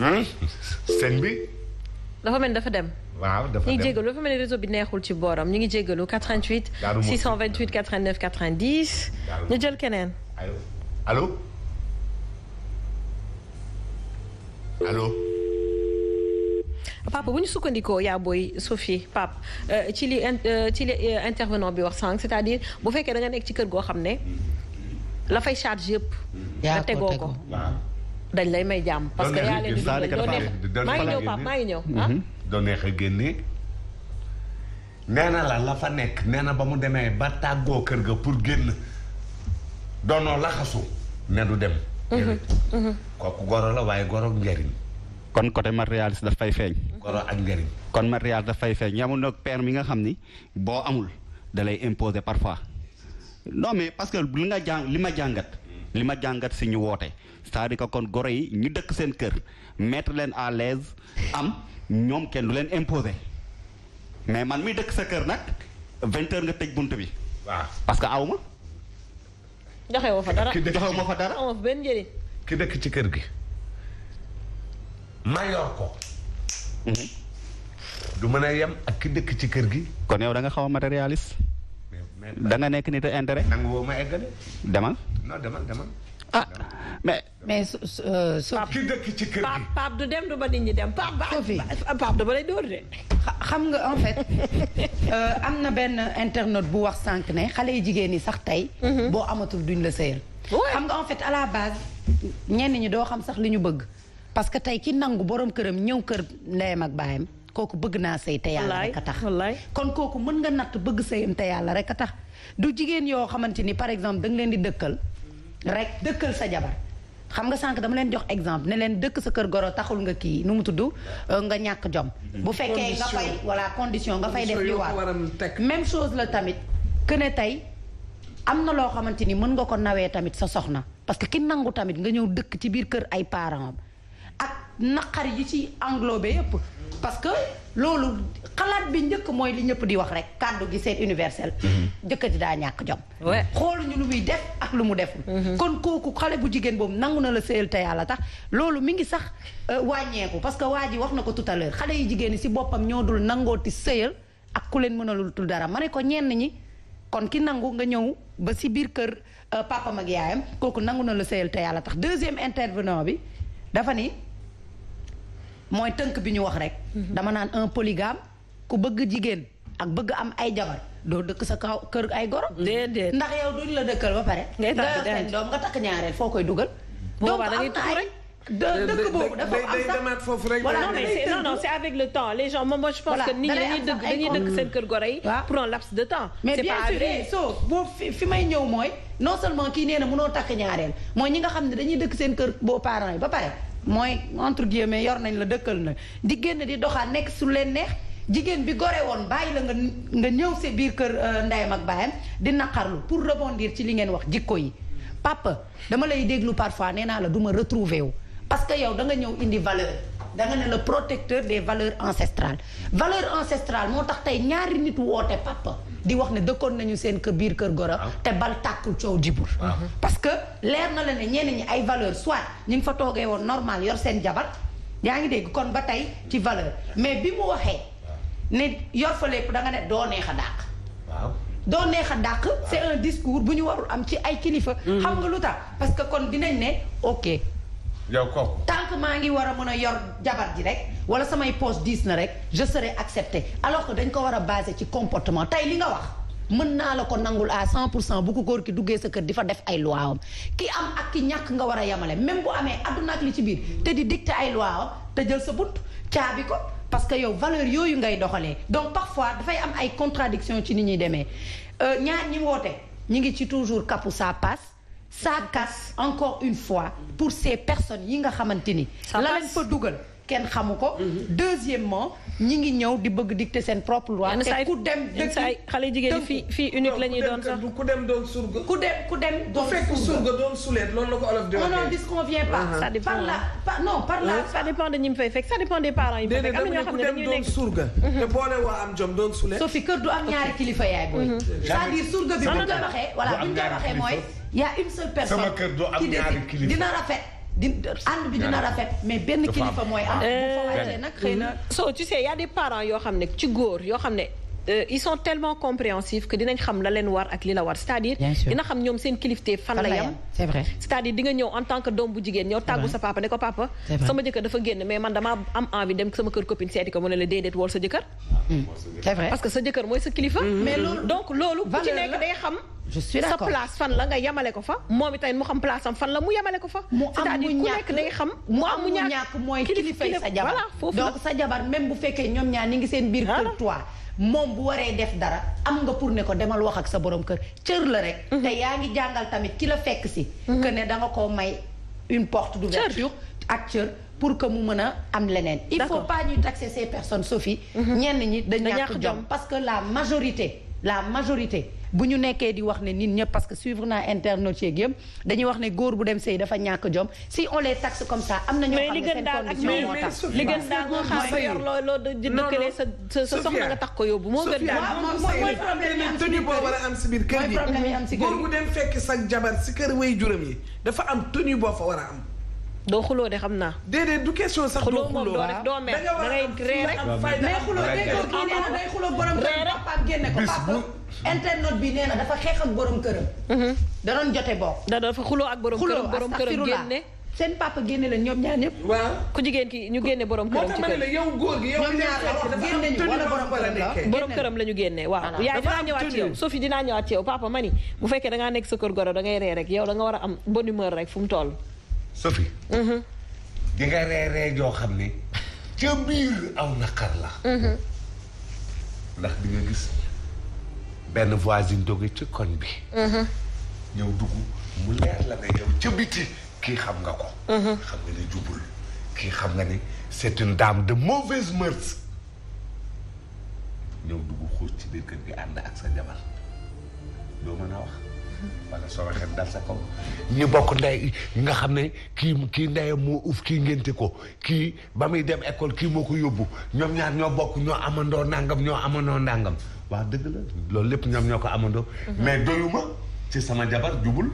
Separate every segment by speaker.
Speaker 1: sëñ bi.
Speaker 2: dafa mel ni dafa dem.
Speaker 1: waaw dafa dem ñu ngi jégalu dafa
Speaker 2: mel ni réseau bi neexul ci booram ñu ngi jégalu 88. 628 89 90. ñu jël keneen.
Speaker 1: allo allo. allo.
Speaker 2: papa bu ñu sukkandikoo yaa booy Sophie pap euh, ci li euh, ci li euh, intervenant bi wax sànq cest bu fekkee da nekk ci kër goo xam ne. Mm-hmm. la fay charge yëpp.
Speaker 3: yaa
Speaker 1: ko
Speaker 2: dañ lay may jàmm. parce que yaa leen di dugal maa maa ngi ñëw
Speaker 1: doo neex a génne. nee na la la fa nekk nee na ba mu demee ba tàggoo kër ga pour génn doonoo laxasu ne du dem. kooku goro la waaye goro njariñ. kon côté matérialiste daf fay feeñ. goro ak njariñ. kon matérialiste dafay fay feeñ ñamul nag père mi nga xam ni boo amul dalay lay imposer parfois non mi parce que nga jàng li ma jàngat. li ma jàngat si ñu woote cest di ko kon goro yi ñu dëkk seen kër mettre leen à l'aise am ñoom kenn du leen imposer mais man mi dëkk sa kër nag vingt nga tëj bunt bi. waaw parce que aw ma.
Speaker 2: joxe woo fa dara joxe woo fa dara. amoo benn njëriñ.
Speaker 1: ki dëkk ci kër gi. ma yor mhm. a yem ak ki dëkk ci kër gi. kon yow da nga xaw a matérialiste. da nekk nit a intérêt. nangu woo ma eggale. demal. non demal demal. ah
Speaker 3: mais. mais su su euh, du dem du ba nit ñi dem Pape ba. ba lay dóor de. xam nga en euh, am na benn internet bu wax sànq ne xale yu jigéen ñi sax tey. Mhm. boo amatul duñ la sëyal. xam nga en fait à la base ñenn ñi doo xam sax li ñu bëgg. parce que tey ki nangu borom këram ñëw kër ndeyam ak baayam. kooku bëgg naa sëy te yàlla rek a tax kon kooku mën nga natt bëgg sëyam te yàlla rek a tax du jigéen yoo xamante ni par exemple da nga leen di dëkkal rek dëkkal sa jabar xam nga sànq dama leen jox exemple ne leen dëkk sa kër goro taxul nga kii nu mu tudd euh, nga ñàkk jom bu mm-hmm. fekkee nga fay voilà condition nga fay def li
Speaker 4: waat
Speaker 3: même chose la tamit que ne tey am na loo xamante ni mën nga ko nawee tamit sa soxna parce que ki nangu tamit nga ñëw dëkk ci biir kër ay parents am naqar yi ci englobé yëpp parce que loolu xalaat bi njëkk mooy li ñëpp di wax rek kàddu gi seen universel mm-hmm. jëkkër ji daa ñàkk xoolu ñu lu muy def ak lu mu deful mm-hmm. kon kooku xale bu jigéen boobu nangu na la sëyal te yàlla tax loolu mi ngi sax euh, wàññeeku parce que waa ji wax na ko tout à xale yi jigéen yi si boppam ñoo dul nangooti sëyal ak ku leen mënalul tul dara ma ne ko ñenn ñi kon ki nangu nga ñëw ba si biir kër euh, papam ak yaayam kooku nangu na la sëyal tax deuxième intervenant bi dafa ni mooy tënk bi ñu wax rek. dama naan un polygame ku bëgg jigéen ak bëgg am ay jabar doo dëkk sa kaw kër ay goro. déedéet ndax yow duñ la dëkkal ba pare. ngay tànn seen doom nga takk ñaareel foo koy dugal.
Speaker 4: boobaa da ngay tuur rek. dëkk boobu dafa am sax demaat foofu rek. voilà non non c'
Speaker 3: est avec le temps les gens moom moi je
Speaker 2: pense que nit ñi dañuy dëkk dañuy dëkk seen kër goro yi. pour un laps de temps. mais bien sûr
Speaker 3: so boobu fi may ñëw mooy non seulement kii nee na mënoo takk ñaareel mooy ñi nga xam ne dañuy dëkk seen kër boo parents yi ba pare mooy entre guillemets yor nañ la dëkkal na di génn di doxaat nekk su leen neex jigéen bi gore woon bàyyi la nga nga ñëw sa biir kër euh, ndeyam ak baayam di naqarlu pour rebondir ci li ngeen wax jikko yi papa dama lay déglu parfois nee naa la duma ma retrouver wu parce que yow da nga ñëw indi valeur da nga ne le protecteur des valeur ancestrales valeur ancestrales moo tax tey ñaari nit woote papa di wax ne dëkkoon nañu seen kër biir kër goro ah. te bal tàkkul coow jibur ah. mm-hmm. parce que leer na la ne ñenn ñi ay valeurs soit ñu ngi fa toogee woon normal yor seen jabar yaa ngi dégg kon ba tey ci valeur mais bi mu waxee ne yor fa lépp da ne doo neex a dàq doo neex a dàq c'est un discours bu ñu warul am ci ay kilifa mm-hmm. xam nga lu tax parce que kon dinañ ne ok yow ko tant que maa ngi war a mën a yor jabar ji rek wala samay poche diis na rek je serai accepté alors dañ ko war a basé ci comportement tey li nga wax mën naa la ko nangul à 100 pour cent bu ko góor ki duggee sa kër di fa def ay loi am ki am ak ki ñàkk nga war a yemale même bu amee àdduna ak li ci biir te di dicté ay loi te jël sa bunt caabi ko parce que yow valeur yooyu ngay doxalee donc parfois dafay am ay contradiction ci ni ñuy demee euh, ñaar ñi woote ñi ngi ci toujours kapu ça ça casse encore une fois pour ces personnes yi nga xamante ni la lañ fa dugal kenn xamu ko mhm. deuxièmement ñi ngi ñëw di bëgg dicter seen propre loi te ku dem dëkk
Speaker 4: xale fii la ñuy doon sax ku dem doon surga ku dem ku dem doon surga ku fekk loolu la ko olof di waxee on n'en disconvient pas ah, ça dépend
Speaker 2: par la non de ne dañuy nekk
Speaker 4: surga mhm. waa am jom doon suleet so fi kër du am ñaari kilifa
Speaker 3: yaay
Speaker 2: booy mhm. c'est-à-dire
Speaker 4: surga bi bu ñu ko waxee voilà bu ñu mooy y a une seule personne. sama kër doo am ñaari kilifa dina rafet.
Speaker 3: di ànd bi dina rafet mais benn kilifa mooy am. Euh, bu fa wàccee nag xëy na.
Speaker 2: so tu sais y a des parents yoo xam ne ci góor yoo xam ne. Euh, ils sont tellement compréhensifs que dinañ xam la leen war ak li la war cest dina xam ñoom seen kilifté fan la yam c'est vrai nga ñëw en tant que doom bu jigéen ñëw tàggu sa papa ne ko papa sama jëkkër dafa génn mais man dama am envie dem sama kër copine seeti ko mu ne la déedéet wool sa jëkkër
Speaker 3: hmm. c'est vrai parce que
Speaker 2: sa jëkkër mooy sa kilifa hmm. mais loolu donc loolu ku ci nekk day xam sa place fan la nga yemale ko fa moom itamit mu xam place am fan la mu yemale ko fa c'est-à-dire xam mu am mu ñàkk mooy kilifay sa jabar
Speaker 3: jabar même bu fekkee ñoom ñaar ni ngi seen biir kër toi moom bu waree def dara am nga pour ne ko demal wax ak sa borom kër cër la rek. Mhm. te yaa ngi jàngal tamit ki la fekk si. Mhm. que ne danga koo may une porte d'ouverture ak cër pour que mu mën a am leneen. il faut pas ñuy taxer ces personnes Sophie. Mhm. ñenn ñi dañ ñàkk jom parce que la majorité la majorité. bu ñu nekkee di wax ne nit ñëpp parce que suivre naa internautes yeeg yëpp dañuy wax ne góor bu dem sëy dafa ñàkk jom si on les taxe comme ça am na ñoo xam ne seen condition moo tax li gën daal moo xam sa yor
Speaker 2: loo
Speaker 4: nga tax ko yóbbu moo gën waaw a am biir kër gi góor dem fekk sa jabar si kër way juram yi dafa am tenue boo fa war a am doo xuloo de xam naa. déedéet du question sax. xuloo moom doo def doo mer
Speaker 2: da ngay ree rek. mais xuloo déggoo kii nee na day xuloo borom. ree rek papaam génne ko papaam.
Speaker 3: internet bi nee na dafa xeex ak borom këram. Mhm. da doon jote bokk. da dafa xuloo ak borom këram borom këram génne. seen papa génne leen
Speaker 2: ku jigéen ki ñu génne borom
Speaker 3: këram. ci kër yow góor gi
Speaker 2: këram la ñu génne waaw. yaay dinaa ñëwaat ci yow Sophie dinaa ñëwaat ci yow papa mani bu fekkee da ngaa nekk sa kër goro da ngay rek yow da nga war a am bonne humeur rek fu mu toll.
Speaker 1: Sophie. Mhm. di nga ree ree xam ni ca biir aw naqar la. Mhm. benn voisine jóge ci koñ bi. Mhm. ñëw dugg mu leer la nga yow ca biti kii xam nga ko. Mhm. xam kii xam nga ni c'est une de mauvaise mœurs. ñëw dugg xuus ci biir kër gi ànd ak sa jabar loo mën a wax. wala soo waxee dal sa kaw. ñu bokk ndey nga xam ne kii kii ndeyam moo uuf kii ngénte ko kii ba muy dem école kii moo ko yóbbu ñoom ñaar ñoo bokk ñoo amandoo nangam ñoo amandoo nangam waa dëgg la loolu lépp ñoom ñoo ko amandoo. Mhm. mais doyuma ci sama jabar jubul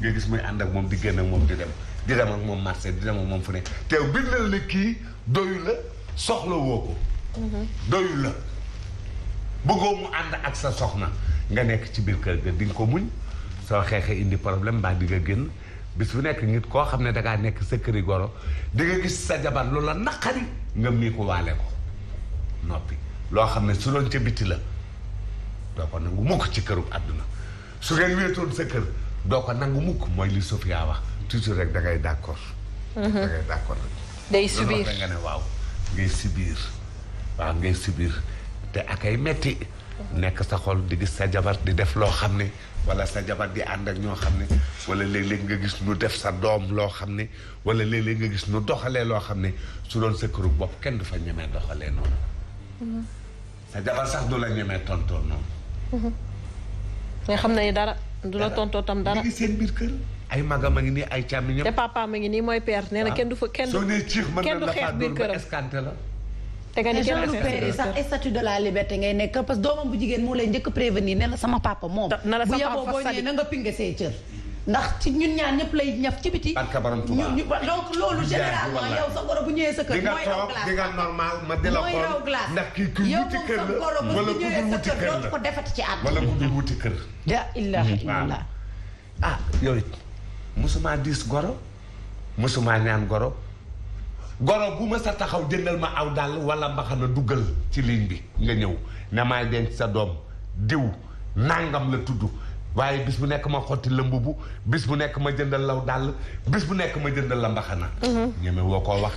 Speaker 1: nga gis muy ànd ak moom di génn ak moom di dem di dem ak moom marché di dem ak moom fu nekk te bindal ne kii doyu ko. Mhm. doyu la bëggoo mu ànd ak sa soxna nga nekk ci biir kër ga di ko muñ soo xeexee indi problème mbaa di nga génn bis bu nekk nit koo xam ne dangaa nekk sa këri goro di nga gis sa jabar loola naqari nga mii ko waale ko noppi loo xam ne su doon ca biti la. doo ko nangu mukk ci këru àdduna su ngeen wéetoon sa kër doo ko nangu mukk mooy li Sofia wax toujours rek da ngay d' accord. Mhm. da ngay d' accord nga ne waaw ngay subir waaw ngay subir te ak ay metti nekk sa xol di gis sa jabar di def loo xam ne wala sa jabar di ànd ak ñoo xam ne wala léeg nga gis nu def sa doom loo xam ne wala léeg nga gis nu doxalee loo xam ne su doon sa këru bopp kenn du fa ñemee doxalee noonu. Mhm. sa jabar sax du la ñemee tontoon noonu. nga
Speaker 2: xam ne dara du la tontoo tam dara. mi ngi seen biir
Speaker 1: a ngi nii ay càmm
Speaker 2: ngi nii mooy per nee na ah. kenn du fa kenn du. kenn du xeex biir
Speaker 1: këram
Speaker 3: te
Speaker 2: nga ni kenn
Speaker 1: du xeex sax
Speaker 3: statut de la liberté ngay nekk parce que doomam bu jigéen moo lay njëkk prévenir ne na sama papa moom. na la sama papa bu yeboo boo ñëwee na nga pinge say cër. ndax ci ñun ñaan ñëpp lay ñaf ci biti. ñu donc loolu généralement yow sa goro bu ñëwee sa mooy raw glace ndax kii ku wuti kër la wala ku dul wuti kër ko defati ci am wala ku wuti kër la. la ilaha hmm.
Speaker 1: ah yow it diis goro mosuma ñaan goro goro bu ma sa taxaw jëndal ma aw dàll wala mbaxana duggal ci ligne bi nga ñëw ne denc sa doom diw nangam la tudd. waaye bis bu nekk ma xotti la mbubu bis bu nekk ma jëndal law dal bis bu nekk ma jëndal la mbaxana mhm. ñeme koo wax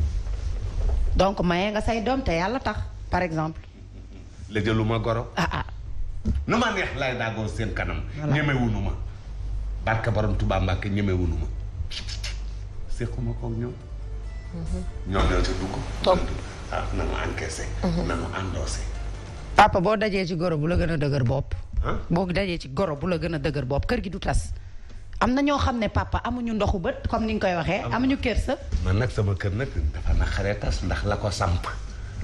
Speaker 3: donc maye nga say doom te yàlla tax par exemple
Speaker 1: la jëlu goro ah ah nu ma neex lay daagoo seen kanam ñemewunu ma barka borom Tuubaa Mbàkke ma séquma koog ñoom mhm. ñoom ñoo ci dugg toog ah nanu encaissé mhm. nanu endossé
Speaker 3: papa boo dajee ci goro bu la gën a dëgër bopp boo dajee ci goro bu la gën a dëgër bopp kër gi du tas. am na ñoo xam ne papa amuñu ndoxu bët comme ni nga koy waxee. amuñu kër sa.
Speaker 1: man nag sama kër nag dafa naqaree tas ndax la ko samp.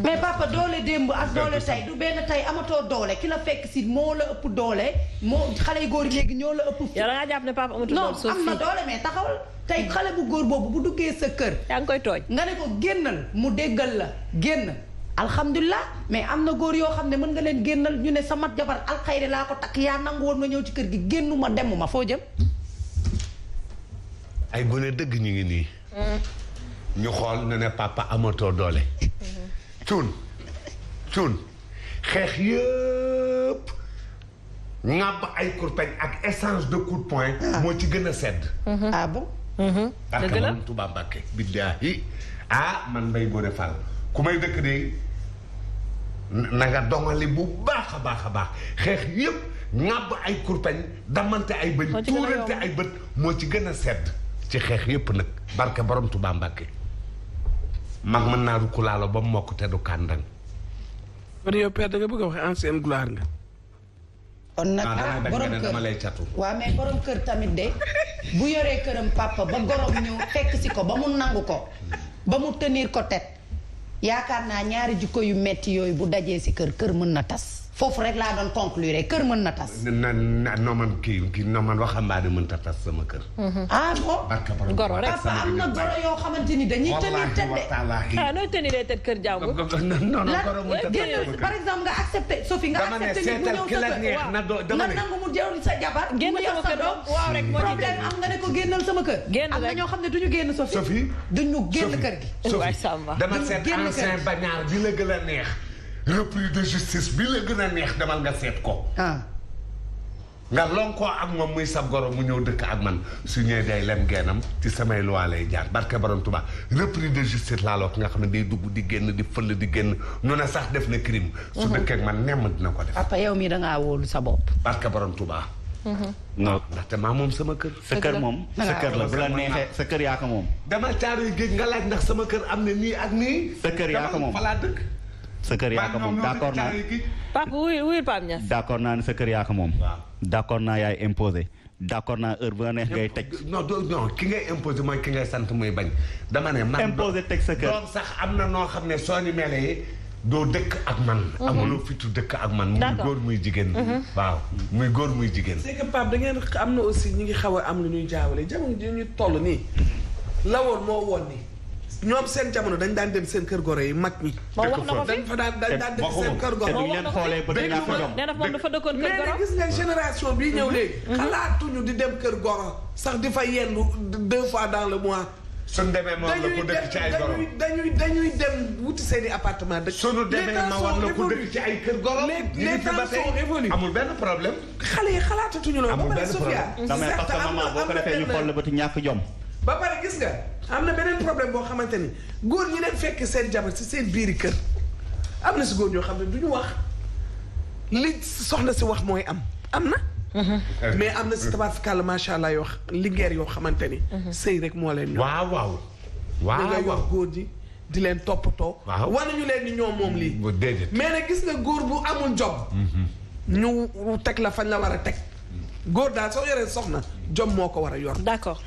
Speaker 3: mais papa doole démb ak doole tey benn tey amatoo doole ki la fekk si moo la ëpp doole moo xale yu góor léegi ñoo la ëpp. yow da jàpp ne papa amatul doole non am na doole mais taxawal. tey xale bu góor boobu bu duggee sa kër. yaa ngi koy tooñ. nga ne ko génnal mu déggal la génn. alhamdulilah mais am na góor yoo xam ne mën nga leen génnal ñu ne sama jabar alxayri laa ko takk yaa nangu woon na ñëw ci kër gi génnuma ma foo jëm.
Speaker 1: ay gone dëgg ñu ngi nii. ñu xool na ne papa amatoo doole. cuun cuun xeex yëpp ŋàbb ay kurpeñ ak essence de coup de poing. Ah. moo ci gën a sedd.
Speaker 3: Mm-hmm. ah bon.
Speaker 1: dëgg la ak tubaab Mbàkke biddaa ah man mbay góor fàll. ku may dëkk de na nga bu baax a baax a baax xeex yëpp ŋàbb ay kurpañ damante ay bëñ tuurante ay bët moo ci gën a sedd ci xeex yëpp nag barke borom Tuubaa Mbàkke mag mën naa rukku laalo ba mokk te du kàndang
Speaker 4: kon yow père da bëgg a waxee ancienne gloire nga kon
Speaker 1: nag ah borom kër dama lay catu
Speaker 3: waaw mais borom kër tamit de bu yoree këram papa ba gorom ñëw tekk ko ba mu nangu ko ba mu tenir ko tet yaakaar naa ñaari jikko yu metti yooyu bu dajee si kër kër mën na tas foofu rek laa doon conclure kër mën na tas.
Speaker 1: na na non kii kii non man waxambaane mën ta tas sama kër. Mhm. ah bon
Speaker 2: goro rek papa am na goro yoo xamante dañuy tenir de. Ah, nooy tenir eh,
Speaker 1: par
Speaker 3: exemple nga accepté
Speaker 2: Sophie
Speaker 4: nga accepté nit mu ñëw
Speaker 3: sa kër génn kër waaw Sophie. Sophie génn kër gi. waay Samba dama seet ancien
Speaker 1: bañaar la gën a neex repris de justice bi la gën a neex demal nga seet ko. Ah. nga lon koo ak moom muy sab goro mu ñëw dëkk ak man su ñëwee day lem geenam ci samay loi lay jaar barke borom Tuubaa repris de justice laaloo ki nga xam ne day dugg di génn di fël di génn nu ne sax def na crime. su mhm. dëkkee man nemm dina ko def. papa yow mii da ngaa sa bopp. barke boron tubaa mhm. non ndaxte maa moom sama kër. sa kër moom sa kër la bu la neexee sa kër yaa ko moom. dama caaroy géej nga laaj ndax sama kër am na nii ak nii. sa kër laa dëkk. sa kër yaa ko moom d'accord naa
Speaker 2: papa wuy wuy Pape
Speaker 1: naa ne sa kër yaa ko moom d'accord naa yaay imposé d'accord naa heure bu la neex ngay teg non non ki ngay imposé mooy ki ngay sant muy bañ dama ne man imposé teg sa sax am na noo xam ne soo ni mele doo dëkk ak man. Mhm. amuloo fitu dëkk ak man. muy góor muy jigéen. Mhm. waaw muy góor muy jigéen. c'est
Speaker 4: que da ngeen am na aussi ñi ngi xaw a am lu ñuy jaawale jamono ji ñu toll nii. lawoon moo woon nii. ñoom seen jamono dañ daan dem seen kër goro yi mag ñi. wax na ko daan dañ daan dem seen kër goro. wax na ko fi dafa dëkkoon kër goro. mais di nga génération bii ñëw léegi. Mhm. Mhm. xalaatuñu di dem kër goro. sax di fa yendu deux fois dans le mois. suñ
Speaker 1: demee ma wax la ku dëkk ci ay goro
Speaker 4: dañuy dañuy dem wuti seen i appartement
Speaker 1: dëkk. suñu demee ma wax la ku dëkk ci ay kër goro. les temps sont évolués amul benn problème. xale yi xalaatatuñu loolu. amul benn problème ba pare Sofia. damay parce que maman boo ko defee ñu xool la bëti ñàkk jom.
Speaker 4: ba pare gis am na beneen problème boo xamante ni góor ñi dem fekk seen jabar si seen biiri kër am na si góor ñoo xam ne du ñu wax li soxna si wax mooy am am na. Mm-hmm. mais am na si tabaarkalla macha allah yoo lingeer yoo xamante ni. Mm-hmm. sëy rek moo leen. waaw waaw. waaw ngay wax góor ji di leen toppatoo. waaw war nañu leen ni ñoom moom lii. mais nag gis nga góor bu amul job.
Speaker 1: Mm-hmm.
Speaker 4: ñu teg la fañ la war a teg. góor daal soo yoree soxna job moo ko war a yor. d'accord.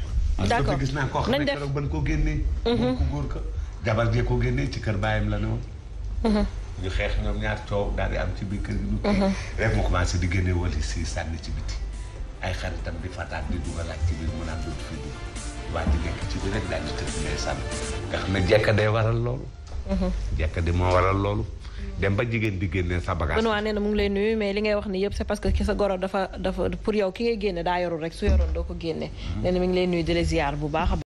Speaker 4: d'accord gis naa koo xam
Speaker 1: ban koo génnee. Mhm. moom ku góor ka jabar jee ko génnee ci kër baayam la ne woon. Mhm. ñu xeex ñaar coow daal di am ci biir kër gi. ñu mhm. di génne wali si sànni ci biti. ay xaritam di fataat di dugalaat ci biir mu naan dootu fi dugg waa nga xam ne jekka day waral loolu. jekka de moo waral loolu. dem ba jigéen di génne sa bagage. Benoît
Speaker 2: nee na mu ngi lay nuyu mais li ngay wax ni yëpp c'est parce que ki sa goro dafa dafa pour yow ki ngay génne daa yorul rek su yoroon doo ko génne. Mm-hmm. nee na mi lay nuyu di bu baax